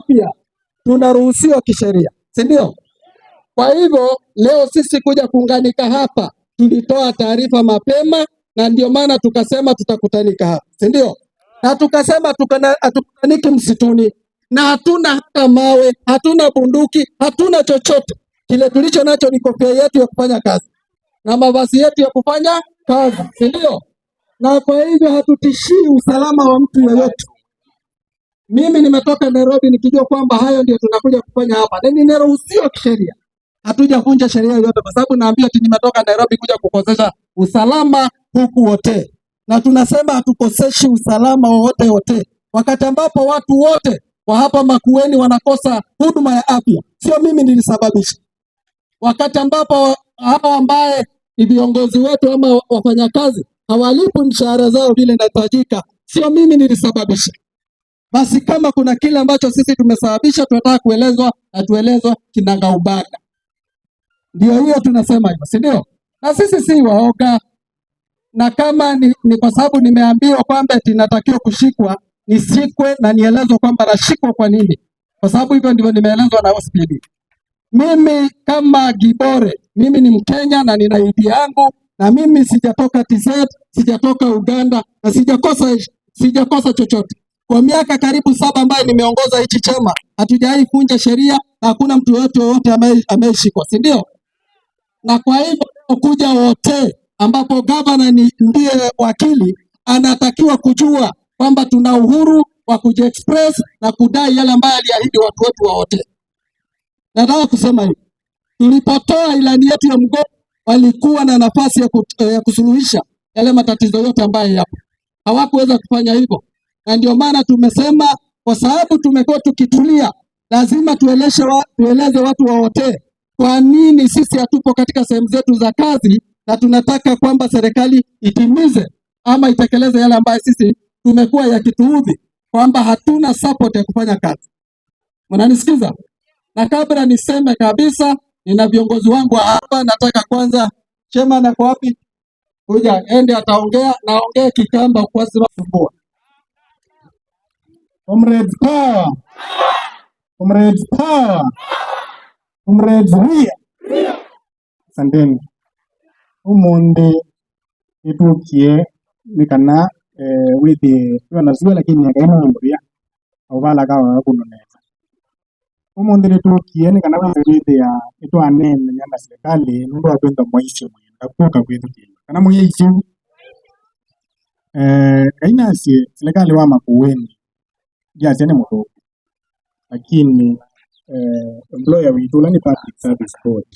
pia tunaruhusiwa kisheria, si ndio? Kwa hivyo leo sisi kuja kuunganika hapa, tulitoa taarifa mapema, na ndio maana tukasema tutakutanika hapa, si ndio? Na tukasema hatukutaniki msituni, na hatuna hata mawe, hatuna bunduki, hatuna chochote kile. Tulicho nacho ni kofia yetu ya kufanya kazi na mavazi yetu ya kufanya kazi, si ndio? Na kwa hivyo hatutishii usalama wa mtu yeyote. Mimi nimetoka Nairobi nikijua kwamba hayo ndio tunakuja kufanya hapa, na nimeruhusiwa kisheria, hatujavunja sheria yoyote, kwa sababu naambia ati nimetoka Nairobi kuja kukosesha usalama huku wote, na tunasema hatukoseshi usalama wowote wote, wakati ambapo watu wote wa hapa Makueni wanakosa huduma ya afya, sio mimi nilisababisha, wakati ambapo hao ambaye ni viongozi wetu ama wafanyakazi hawalipi mshahara zao vile inahitajika, sio mimi nilisababisha. Basi kama kuna kile ambacho sisi tumesababisha, tunataka kuelezwa na tuelezwa ubaga. Ndio hiyo tunasema hivyo, si ndio? Na sisi si waoga, na kama ni, ni kwa sababu nimeambiwa kwamba tinatakiwa kushikwa, nishikwe na nielezwe kwamba nashikwa kwa nini, kwa sababu hivyo ndivyo nimeelezwa na OCPD. Mimi kama Gibore, mimi ni Mkenya na nina ID yangu, na mimi sijatoka TZ, sijatoka Uganda na sijakosa, sijakosa chochote kwa miaka karibu saba ambayo nimeongoza hichi chama hatujawahi kunja sheria na hakuna mtu yoyote yoyote ameshikwa, si ndio? Na kwa hivyo kuja wote ambapo gavana ni ndiye wakili, anatakiwa kujua kwamba tuna uhuru wa kujiexpress na kudai yale ambayo aliahidi watu wetu wa wote. Nataka kusema hivi, tulipotoa ilani yetu ya mgomo walikuwa na nafasi ya eh, kusuluhisha yale matatizo yote ambayo yapo, hawakuweza kufanya hivyo na ndio maana tumesema kwa sababu tumekuwa tukitulia, lazima tueleze wa, tueleze watu waotee kwa nini sisi hatupo katika sehemu zetu za kazi, na tunataka kwamba serikali itimize ama itekeleze yale ambayo sisi tumekuwa yakituudhi kwamba hatuna support ya kufanya kazi. Mnanisikiza? Na kabla niseme kabisa, nina viongozi wangu hapa. Nataka kwanza chema na kwa wapi kuja ende ataongea, naongee Kikamba kwa sababu Comrades power. Comrades power. Comrades ria. Asanteni. Umonde itukie nikana eh, withi wanazua lakini akaima mbuya obala kawa umonde umunthi nitukie nikana withi withi ya uh, itwanene nyanda serikali nundu wakwenda mwaisyo mwenda kuoka kwithukila kana muyaisyu eh kainasye serikali wa makuweni gyazene mu rugo lakini eh, employer witula ni public service board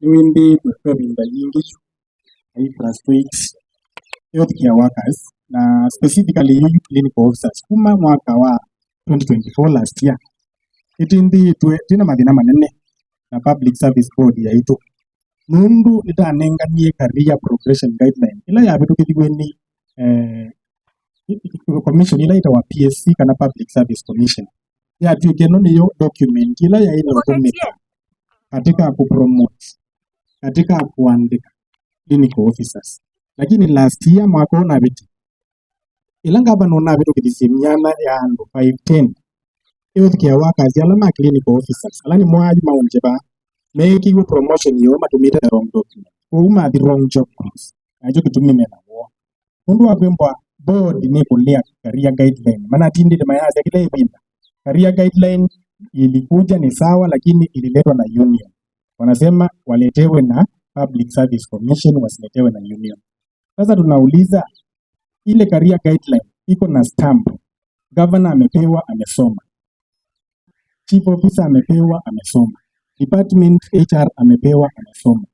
niwindi twetwebinda nyingi aitrastweet health care workers na specifically youth clinical officers kuma mwaka wa 2024 last year It in itindi twina madina manene na public service board ya yaitu nundu itanenganie career progression guideline ila yavitukithigwe ni eh, commission ila ita wa psc kana public service commission ya yatwikeno yo document ila ya ina yaithothumika katika ku promote katika kuandika clinical officers lakini last year mwaka ona biti ila ngavana onavitukithisie miana ya ando 510 iuthikia workers ala ma clinical officers ala mwaji mwaju maunje ba meekiiwe promotion yo matumita the wrong document kwa uma the wrong job aicho na wao wo wa bembwa board kulea career guideline, maana tindile mayazi akile ibinda career guideline ilikuja ni sawa, lakini ililetwa na union. Wanasema waletewe na Public Service Commission, wasiletewe na union. Sasa tunauliza ile career guideline iko na stamp. Governor amepewa amesoma, chief officer amepewa amesoma, department HR amepewa amesoma,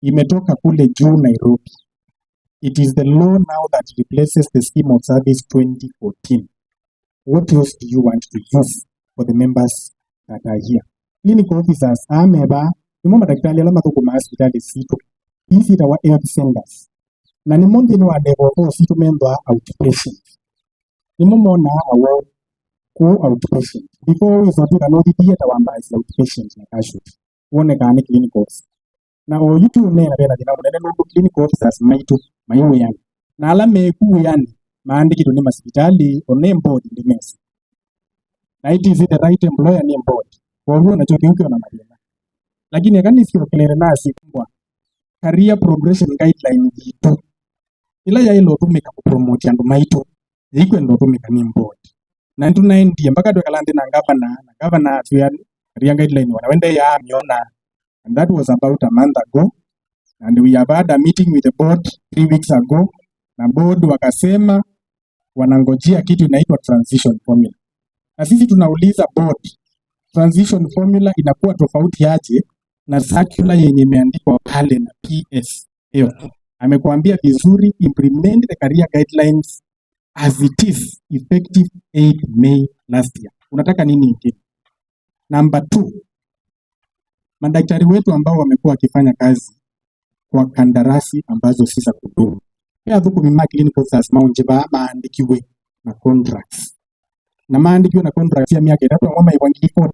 imetoka kule juu Nairobi It is the law now that replaces the scheme of service 2014. What else do you want to use for the members that are here? Clinical officers ameba nimo madaktari alama tuko mahospitali situ hizi itawa health centers na ni mundi ni wadebo o situ mendwa outpatient nimo mona awo ku outpatient before we zabira no dithia tawamba is outpatient na kashu wone kani clinicals na o yutu ne na bena dina ne no clinic officers maitu maimu yani na ala meku yani maandiki maandikitwe ni ne board ndi ndimesi na it is the right employer ne board kwa hiyo na choki kiukio na mathina lakini akanisiokeleere na kumbwa career progression guideline jitu ila ya ilo tu yailotumika kupromoti ndo maitu ndo tu meka ni embodi na nitunaendie mpaka twekala nthi na gavana na na gavana atuya career guideline wanawende miona And that was about a month ago. And we have had a meeting with the board three weeks ago, na board wakasema wanangojea kitu inaitwa transition formula. Na sisi tunauliza board, transition formula inakuwa tofauti aje na circular yenye imeandikwa pale na PS hiyo? Amekuambia vizuri, implement the career guidelines as it is effective 8 May last year. Unataka nini ingine? Number two, madaktari wetu ambao wamekuwa wakifanya kazi kwa kandarasi ambazo si za kudumu yathukumi clinical science maunje ba maandikiwe na contracts na maandikiwe na contracts ya miaka itatu ambao maibwangiri 40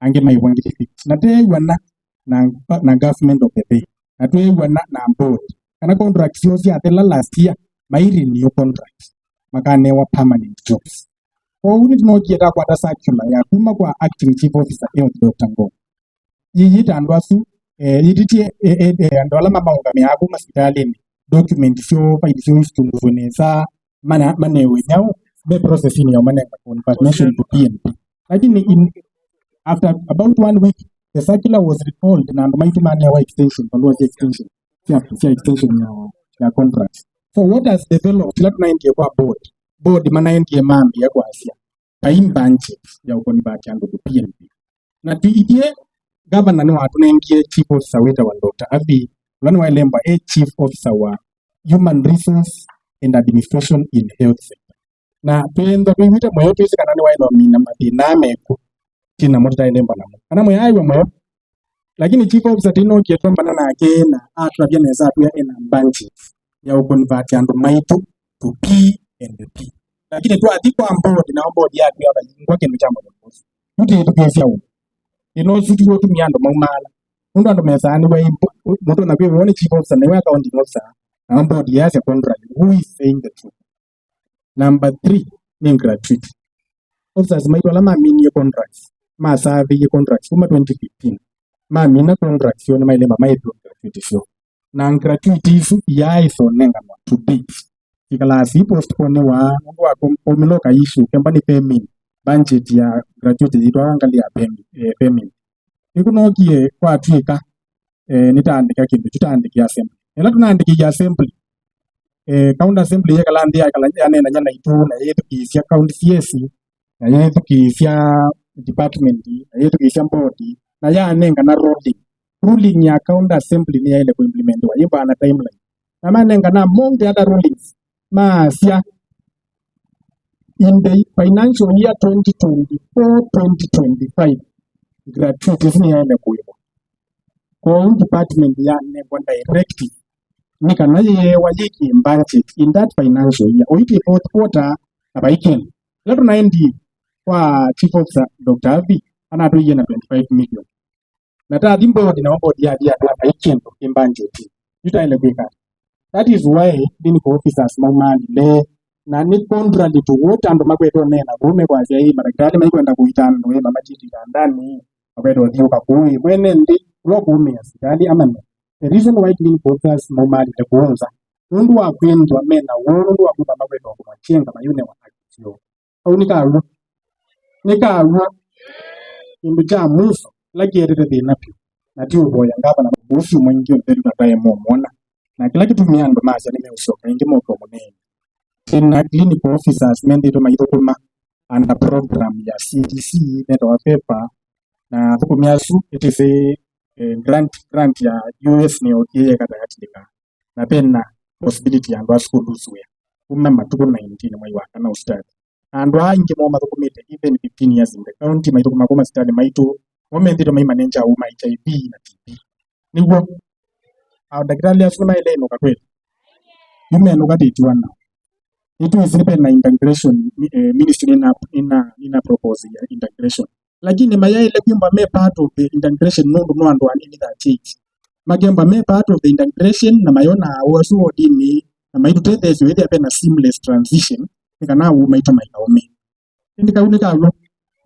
ange maibwangiri 50 na teiwana na, na government of the day na teiwana na board kana contracts yo si atela last year mairi ni yo contracts wa permanent jobs kwa hiyo ni tunaokieta kwa circular ya kuma kwa acting chief officer hiyo Dr. Ngoma yiyita andu asu eh, yititie eh, eh, eh, eh andu ala mabaungamiaku masipitalini document syo faili syo situngufunisa mana mane nyau be process ni kwa maneka confirmation to PNP lakini in, after about one week the circular was recalled na andu maitu mane wa extension kwa extension ya ya extension ya ya contract so what has developed la tunaendie kwa board board mana manaendie mambi ya kwasia kaimba nchi ya ukoni ba chandu PNP na tuitie gavana niwatunengie chief officer wa dr abi na niwaelemba a eh, chief officer wa human resource and administration in health sector na twentha twiguite mweyo twisi kana niwaithomina mathina meku tina mutu taelemba namo kana mwayaiwa mweyo lakini chief officer tino twambana mbana na atwavia neza atwia ena budget ya ukonvati andu maitu to P and P lakini tu kwa ambodi na board yatu ya bayingwa kindu cha mutu tutitukiisia uku inozurirwo tumia andu maumala undu andu mesani we mundu na wewe one chief officer na we officer na board yes ya contract who is saying the truth number 3 ni gratuity officers maitwa la mamini ya contracts ma survey ya contracts kuma 2015 mamina contracts yone maile mama yetu gratuity show na gratuity ifu ya iso nenga to date ikalasi postpone wa mundu akomiloka issue kamba ni payment budget ya graduate itwaangalia payment eh, kwa tika eh, nitaandika kitu tutandike assembly ela tunandikia assembly eh, count assembly eh, ya kala ndia kala yanena nyana itu na yetu ki sia county CS na yetu ki sia department na yetu ki sia board na ya nenga na ruling ruling ya count assembly ni ile kuimplementwa yimba na timeline na maana nenga na month other rulings ma sia in the financial year 2024-2025 gratuities niyene kuiwa ko department ya nebo directive nikana yewa yiki budget in that financial year oiki fourth quarter abaiken latu na ndi kwa chief officer Dr. Avi ana tu yena 25 million na ta dimbo dina mambo dia dia ta abaiken in budget yuta ile kwika that is why dini ko officers mamali le na ni contract tu wote ando makweto nena kume kwa hii sei madaktari maikwenda kuitana we mama chiti ndani makweto thio kapui mwene ndi lo kume asikali ama ne the reason why clean posters no mali de kuonza ndu wa kwendwa mena woro ndu wa kuba makweto kwa chenga mayune wa akitio au ni nikaru nikaru kindu cha muso lakierere thina napi na ti boya ngapa na musu mwingi ndu ndataye momona na kila kitu miando macha nimeusoka ingi moko munene in a clinical officers mendeto maithukuma under program ya CDC netwa pepa na thukumiasu it is a grant grant ya US ni okie katagatika na pena possibility ya ndwa school uswe kuma matuko 19 mwai waka na ustadi andu aingi mo mathukumite even 15 years in the county maithukuma kuma stadi maitu ndito mai manager uma HIV na TB niwa au ah, daktari asu maile no kakweli yume no nao it Yetu even na integration eh, ministry ina ina ina propose ya integration lakini mayai le kwamba me part of the integration no mundu mwandu anini that change magemba me part of the integration na mayona wasu odini na maitu tete sio ile a seamless transition nikana u maita mainaome ndika unika ro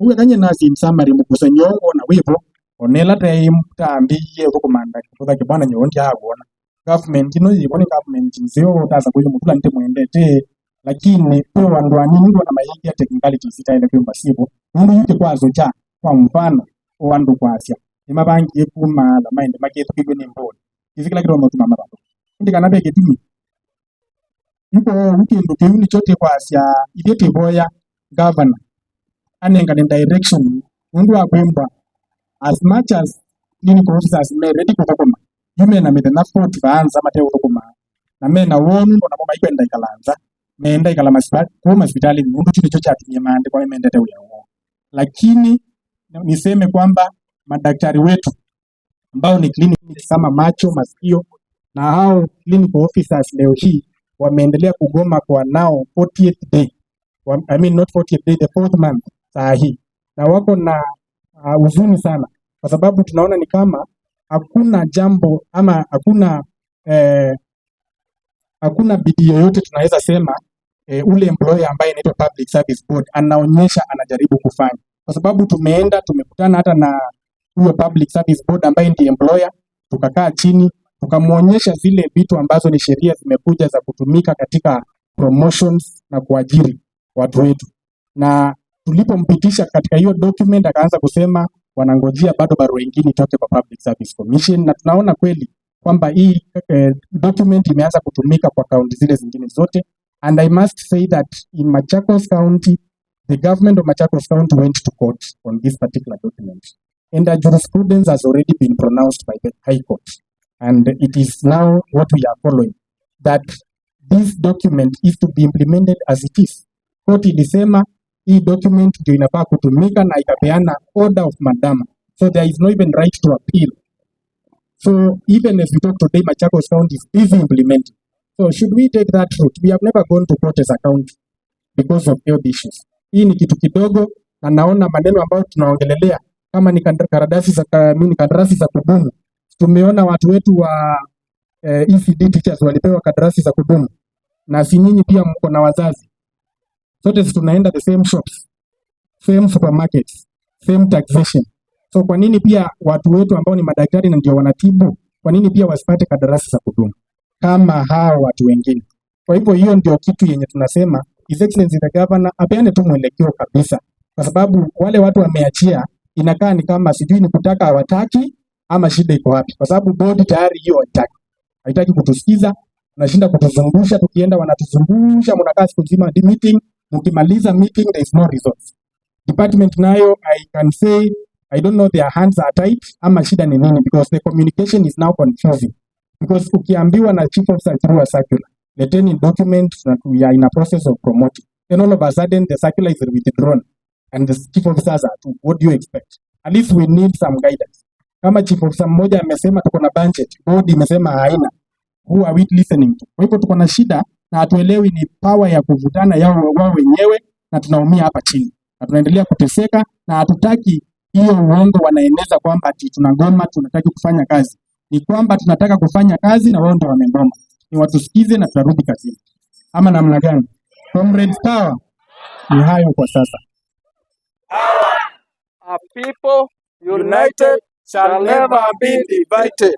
uwe kanye na sim summary nyongo na wepo onela te imtambi ye kumanda kutoka kibana nyondi agona government no yiboni government nzio tasa kuyo mutula nte mwendete lakini towandwa ningwa na maihiti ya teknikali chositaile vyumba sivo nundu yuti kwazo cha kwa mfano wandu kwasya imavangie kumala maende maketukigwe ni mboni kivikila kiro notumama ndika nabe vekitimi yuko ou kindu kiu nicho tikwasya ithio tivoya gavana ni direction undu akwimba as much as nini ko officers me ready kuthukuma yume na mithe na fort vaanza mate uthukuma na na wonu na namo maikwenda ikalanza meenda ikala masipitali kwa masipitali mundu chini chocha atumie maande kwa meenda teu ya uongo. Lakini niseme kwamba madaktari wetu ambao ni clinic kama macho, masikio na hao clinic officers leo hii wameendelea kugoma kwa nao 48 day. I mean not 48 day, the fourth month saa hii, na wako na ah, huzuni uh, sana kwa sababu tunaona ni kama hakuna jambo ama hakuna eh, hakuna bidii yoyote tunaweza sema e, ule employer ambaye inaitwa Public Service Board anaonyesha anajaribu kufanya, kwa sababu tumeenda tumekutana hata na huyo Public Service Board ambaye ndiye employer, tukakaa chini tukamwonyesha zile vitu ambazo ni sheria zimekuja za kutumika katika promotions na kuajiri watu wetu, na tulipompitisha katika hiyo document akaanza kusema wanangojea bado barua nyingine itoke kwa Public Service Commission, na tunaona kweli kwamba hii eh, document imeanza kutumika kwa kaunti zile zingine zote And I must say that in Machakos County, the government of Machakos County went to court on this particular document. And the jurisprudence has already been pronounced by the High Court. And it is now what we are following, that this document is to be implemented as it is. Court ilisema hii document ndio inafaa kutumika na ikapeana order of mandama. So there is no even right to appeal. So even as we talk today, Machakos County is busy implementing. So should we take that route? We have never gone to court as a county because of health issues. Hii ni kitu kidogo na naona maneno ambayo tunaongelelea kama ni karadasi za kanuni, karatasi za kudumu. Tumeona watu wetu wa eh, ECD teachers walipewa karatasi za kudumu, na si nyinyi pia mko na wazazi. Sote tunaenda the same shops, same supermarkets, same taxation. So kwa nini pia watu wetu ambao ni madaktari na ndio wanatibu, kwa nini pia wasipate kadarasi za kudumu? kama hao watu wengine. Kwa hivyo hiyo ndio kitu yenye tunasema His Excellency the Governor apeane tu mwelekeo kabisa, kwa sababu wale watu wameachia, inakaa ni kama sijui ni kutaka hawataki ama shida iko wapi, kwa sababu bodi tayari hiyo haitaki, haitaki kutusikiza, tunashinda kutuzungusha, tukienda wanatuzungusha, mnakaa siku nzima hadi meeting, mkimaliza meeting there is no results. Department nayo I can say I don't know their hands are tight ama shida ni nini, because the communication is now confusing Because ukiambiwa na chief officer through a circular, leteni document that we are in a process of promoting. Then all of a sudden the circular is withdrawn and the chief officers are too. What do you expect? At least we need some guidance. Kama chief officer mmoja amesema tuko na budget, board imesema haina. Who are we listening to? Kwa hivyo tuko na shida na hatuelewi ni power ya kuvutana yao wao wenyewe na tunaumia hapa chini. Na tunaendelea kuteseka na hatutaki hiyo uongo wanaeneza kwamba ati tunagoma tunataki kufanya kazi ni kwamba tunataka kufanya kazi na wao ndio wamegoma, ni watusikize na tutarudi kazini, ama namna gani? Comrade Power ni hayo kwa sasa. A people united shall never be divided.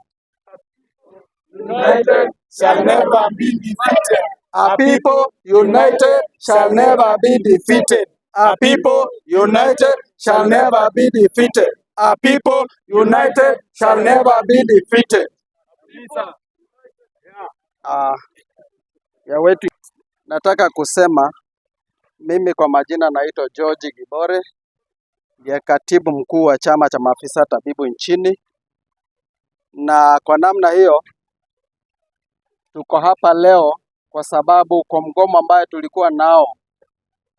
United shall never be defeated. A people united shall never be defeated. A people united shall never be defeated a people united shall never be defeated. Uh, ya wetu nataka kusema mimi kwa majina naitwa George Gibore, ya katibu mkuu wa chama cha maafisa tabibu nchini, na kwa namna hiyo tuko hapa leo kwa sababu kwa mgomo ambayo tulikuwa nao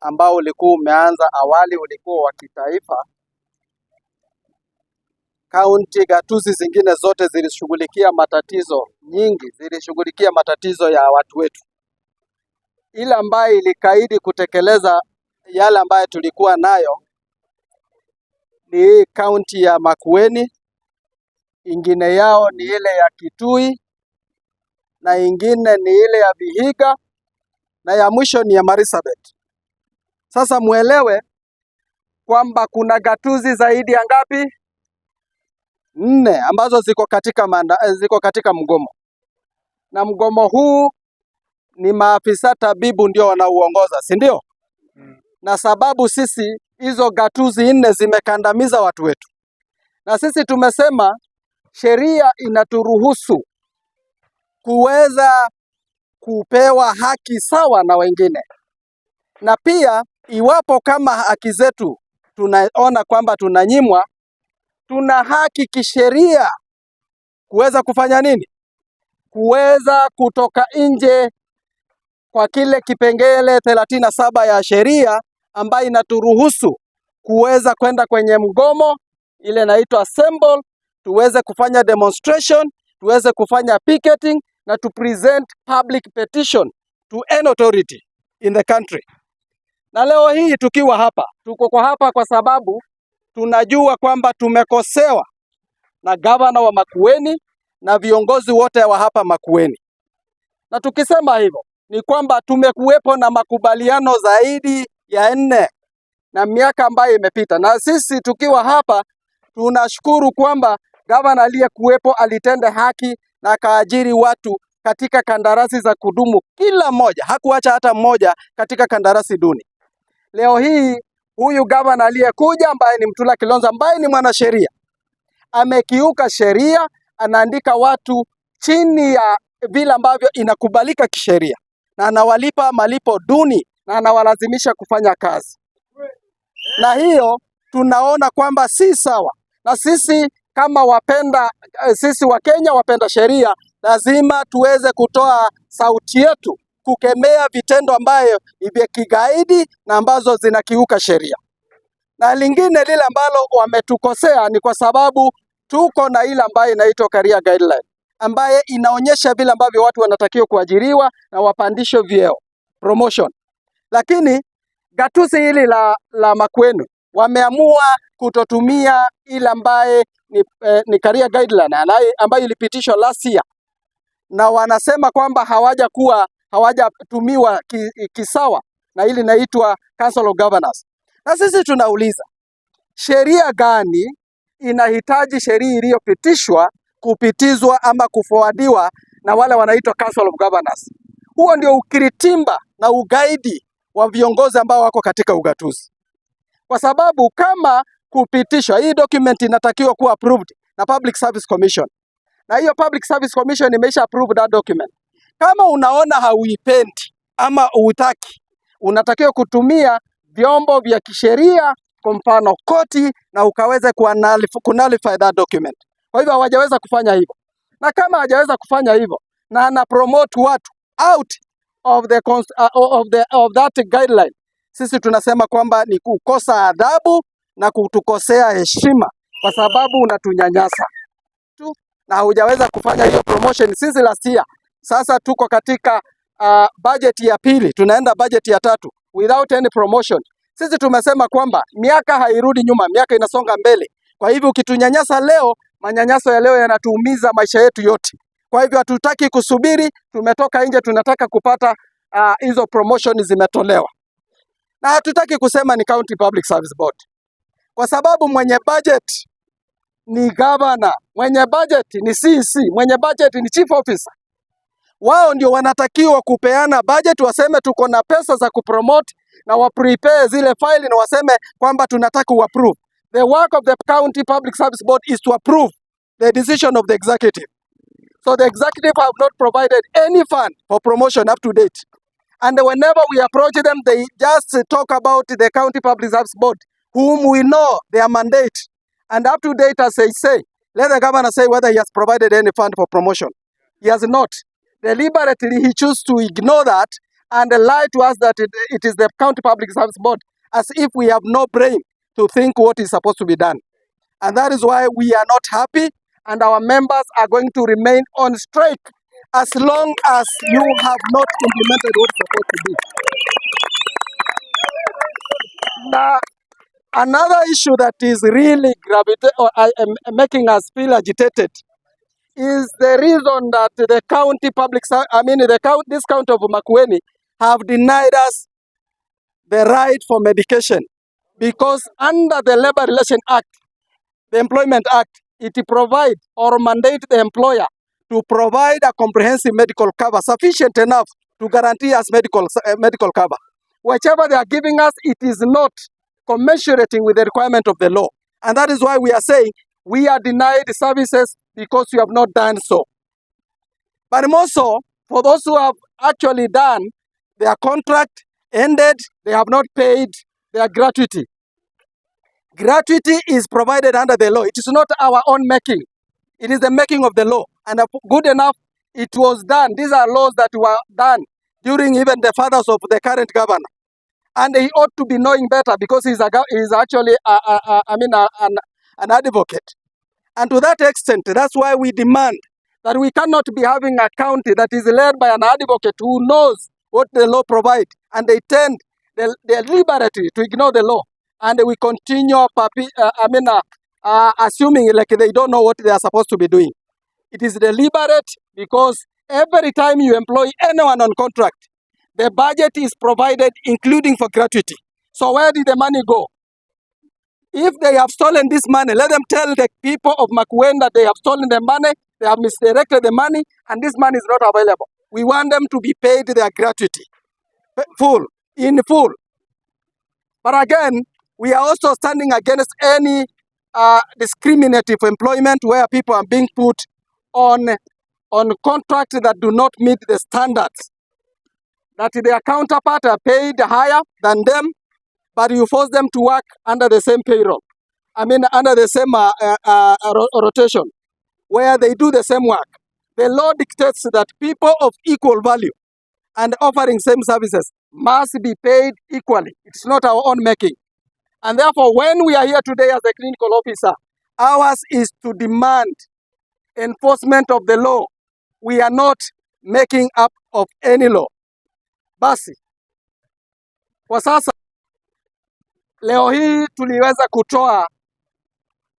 ambao ulikuwa umeanza awali, ulikuwa wa kitaifa kaunti gatuzi zingine zote zilishughulikia matatizo nyingi, zilishughulikia matatizo ya watu wetu, ila ambayo ilikaidi kutekeleza yale ambayo tulikuwa nayo ni hii kaunti ya Makueni, ingine yao ni ile ya Kitui na ingine ni ile ya Vihiga na ya mwisho ni ya Marisabet. Sasa mwelewe kwamba kuna gatuzi zaidi ya ngapi? nne ambazo ziko katika, manda, eh, ziko katika mgomo na mgomo huu ni maafisa tabibu ndio wanauongoza si ndio? Mm. Na sababu sisi hizo gatuzi nne zimekandamiza watu wetu, na sisi tumesema sheria inaturuhusu kuweza kupewa haki sawa na wengine, na pia iwapo kama haki zetu tunaona kwamba tunanyimwa, tuna haki kisheria kuweza kufanya nini? Kuweza kutoka nje kwa kile kipengele thelathini na saba ya sheria ambayo inaturuhusu kuweza kwenda kwenye mgomo, ile inaitwa assemble, tuweze kufanya demonstration, tuweze kufanya picketing na to present public petition to any authority in the country. Na leo hii tukiwa hapa, tuko kwa hapa kwa sababu tunajua kwamba tumekosewa na gavana wa Makueni na viongozi wote wa hapa Makueni, na tukisema hivyo ni kwamba tumekuwepo na makubaliano zaidi ya nne na miaka ambayo imepita, na sisi tukiwa hapa tunashukuru kwamba gavana aliyekuwepo alitenda haki na akaajiri watu katika kandarasi za kudumu, kila mmoja hakuacha hata mmoja katika kandarasi duni. Leo hii huyu gavana aliyekuja ambaye ni Mtula Kilonzo ambaye ni mwanasheria amekiuka sheria, anaandika watu chini ya vile ambavyo inakubalika kisheria na anawalipa malipo duni na anawalazimisha kufanya kazi, na hiyo tunaona kwamba si sawa, na sisi kama wapenda eh, sisi Wakenya wapenda sheria lazima tuweze kutoa sauti yetu kukemea vitendo ambayo ni vya kigaidi na ambazo zinakiuka sheria. Na lingine lile ambalo wametukosea ni kwa sababu tuko na ile ambayo inaitwa career guideline ambaye inaonyesha vile ambavyo watu wanatakiwa kuajiriwa na wapandisho vyeo promotion, lakini gatuzi hili la, la Makueni wameamua kutotumia ile ambaye ni, eh, ni career guideline ambayo ilipitishwa last year na wanasema kwamba hawajakuwa hawajatumiwa kisawa, na hili linaitwa council of governors. Na sisi tunauliza sheria gani inahitaji sheria iliyopitishwa kupitizwa ama kufuadiwa na wale wanaitwa council of governors. Huo ndio ukiritimba na ugaidi wa viongozi ambao wako katika ugatuzi, kwa sababu kama kupitishwa hii document inatakiwa kuwa approved na Public Service Commission, na hiyo Public Service Commission imesha approve that document. Kama unaona hauipendi ama hutaki, unatakiwa kutumia vyombo vya kisheria, kwa mfano koti, na ukaweze kunalify that document. Kwa hivyo hawajaweza kufanya hivyo, na kama hajaweza kufanya hivyo na ana promote watu out of the, uh, of the, of that guideline, sisi tunasema kwamba ni kukosa adhabu na kutukosea heshima, kwa sababu unatunyanyasa tu na hujaweza kufanya hiyo promotion Sisi last year. Sasa tuko katika uh, ah, bajeti ya pili, tunaenda bajeti ya tatu without any promotion. Sisi tumesema kwamba miaka hairudi nyuma, miaka inasonga mbele. Kwa hivyo ukitunyanyasa leo, manyanyaso ya leo yanatuumiza maisha yetu yote. Kwa hivyo hatutaki kusubiri, tumetoka nje, tunataka kupata ah, hizo uh, promotion zimetolewa, na hatutaki kusema ni County Public Service Board kwa sababu mwenye budget ni governor, mwenye budget ni CC, mwenye budget ni chief officer wao ndio wanatakiwa kupeana budget, waseme tuko na pesa za kupromote na wa prepare zile file na waseme kwamba tunataka wa approve. The work of the county public service board is to approve the decision of the executive. So the executive have not provided any fund for promotion up to date. And whenever we approach them, they just talk about the county public service board, whom we know their mandate. And up to date, as they say, let the governor say whether he has provided any fund for promotion. He has not. Deliberately, he chose to ignore that and lie to us that it, it is the county public service board, as if we have no brain to think what is supposed to be done. And that is why we are not happy, and our members are going to remain on strike as long as you have not implemented what is supposed to be. Now, another issue that is really gravita- or, uh, making us feel agitated is the reason that the county public, I mean the county, this county of Makueni have denied us the right for medication because under the Labor Relation Act, the Employment Act, it provides or mandate the employer to provide a comprehensive medical cover sufficient enough to guarantee us medical, uh, medical cover. Whichever they are giving us, it is not commensurating with the requirement of the law. And that is why we are saying we are denied services because you have not done so. But more so, for those who have actually done, their contract ended, they have not paid their gratuity. Gratuity is provided under the law. It is not our own making. It is the making of the law. And uh, good enough, it was done. These are laws that were done during even the fathers of the current governor. And he ought to be knowing better because he's, a, he's actually, I mean, an, an advocate. And to that extent, that's why we demand that we cannot be having a county that is led by an advocate who knows what the law provides, and they tend deliberately to ignore the law, and we continue, uh, uh, I mean, uh, uh, assuming like they don't know what they are supposed to be doing. It is deliberate because every time you employ anyone on contract, the budget is provided, including for gratuity. So where did the money go? If they have stolen this money, let them tell the people of Makueni that they have stolen the money, they have misdirected the money, and this money is not available. We want them to be paid their gratuity, full, in full. But again, we are also standing against any uh, discriminative employment where people are being put on, on contracts that do not meet the standards, that their counterpart are paid higher than them, but you force them to work under the same payroll. I mean, under the same uh, uh, uh rotation, where they do the same work. The law dictates that people of equal value and offering same services must be paid equally. It's not our own making. And therefore, when we are here today as a clinical officer, ours is to demand enforcement of the law. We are not making up of any law. Basi, kwa sasa Leo hii tuliweza kutoa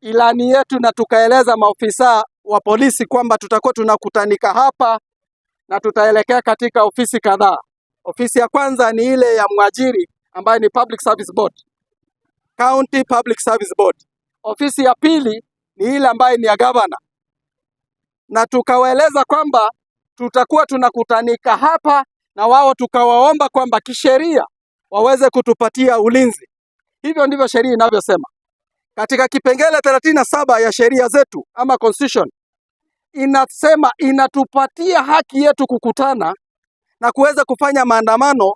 ilani yetu na tukaeleza maofisa wa polisi kwamba tutakuwa tunakutanika hapa na tutaelekea katika ofisi kadhaa. Ofisi ya kwanza ni ile ya mwajiri ambayo ni Public Service Board, County Public Service Board. Ofisi ya pili ni ile ambayo ni ya gavana, na tukawaeleza kwamba tutakuwa tunakutanika hapa na wao tukawaomba kwamba kisheria waweze kutupatia ulinzi Hivyo ndivyo sheria inavyosema katika kipengele thelathini na saba ya sheria zetu ama constitution, inasema inatupatia haki yetu kukutana na kuweza kufanya maandamano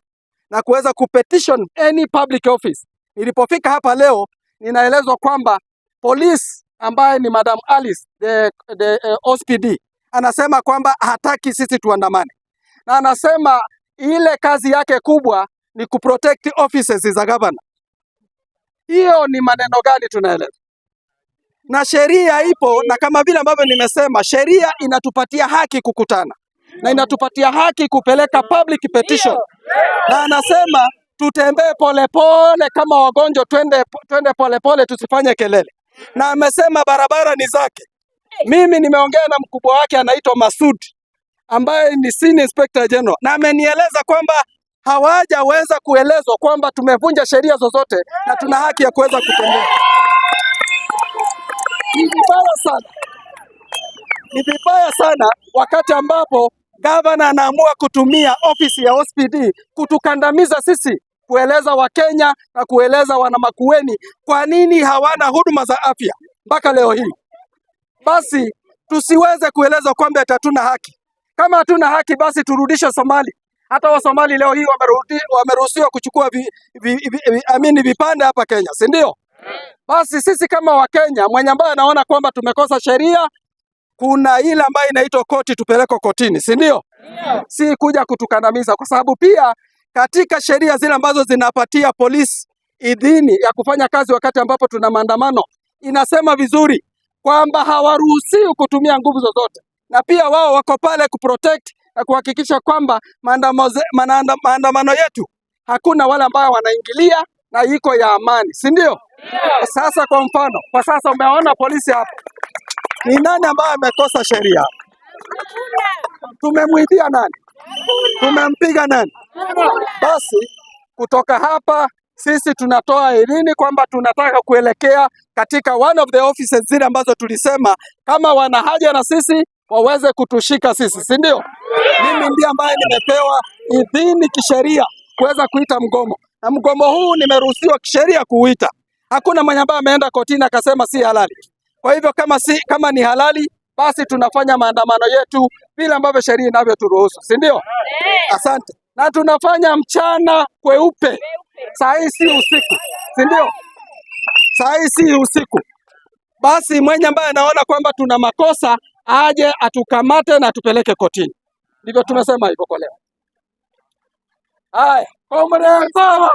na kuweza kupetition any public office. Nilipofika hapa leo, ninaelezwa kwamba polisi ambaye ni Madam Alice the, the, uh, eh, OSPD anasema kwamba hataki sisi tuandamane, na anasema ile kazi yake kubwa ni kuprotect offices za governor. Hiyo ni maneno gani tunaeleza Na sheria ipo, na kama vile ambavyo nimesema, sheria inatupatia haki kukutana na inatupatia haki kupeleka public petition, na anasema tutembee polepole kama wagonjwa, twende twende polepole, tusifanye kelele, na amesema barabara ni zake. Mimi nimeongea na mkubwa wake anaitwa Masudi ambaye ni senior inspector general, na amenieleza kwamba hawajaweza kuelezwa kwamba tumevunja sheria zozote na tuna haki ya kuweza kutembea. Ni vibaya sana, ni vibaya sana wakati ambapo gavana anaamua kutumia ofisi ya OSPD kutukandamiza sisi kueleza Wakenya na kueleza wanamakueni kwa nini hawana huduma za afya mpaka leo hii. Basi tusiweze kueleza kwamba hatuna haki. Kama hatuna haki, basi turudishe Somali hata Wasomali leo hii wameruhusiwa kuchukua vi, vi, vi, vi, amini vipande hapa Kenya, si ndio? Basi sisi kama Wakenya, mwenye ambaye anaona kwamba tumekosa sheria, kuna ile ambayo inaitwa koti, tupeleko kotini, si ndio? Si kuja kutukandamiza, kwa sababu pia katika sheria zile ambazo zinapatia polisi idhini ya kufanya kazi wakati ambapo tuna maandamano inasema vizuri kwamba hawaruhusiwi kutumia nguvu zozote, na pia wao wako pale kuprotect na kuhakikisha kwamba maandamano yetu hakuna wale ambao wanaingilia na iko ya amani, si ndio? Yeah. Sasa kwa mfano, kwa sasa umeona polisi hapa, ni nani ambaye amekosa sheria? tumemwidia nani? Tumempiga nani? Basi kutoka hapa sisi tunatoa elini kwamba tunataka kuelekea katika one of the offices zile ambazo tulisema kama wana haja na sisi waweze kutushika sisi, si ndio? Mimi ndiye ambaye nimepewa idhini kisheria kuweza kuita mgomo, na mgomo huu nimeruhusiwa kisheria kuuita. Hakuna mwenye ambaye ameenda kotini akasema si halali. Kwa hivyo kama, si, kama ni halali basi tunafanya maandamano yetu vile ambavyo sheria inavyoturuhusu, si ndio? Asante. Na tunafanya mchana kweupe, saa hii si usiku, si ndio? Saa hii si usiku. Basi mwenye ambaye anaona kwamba tuna makosa aje atukamate na tupeleke kotini. Ndivyo tumesema hivyo kwa leo. Haya, komreawa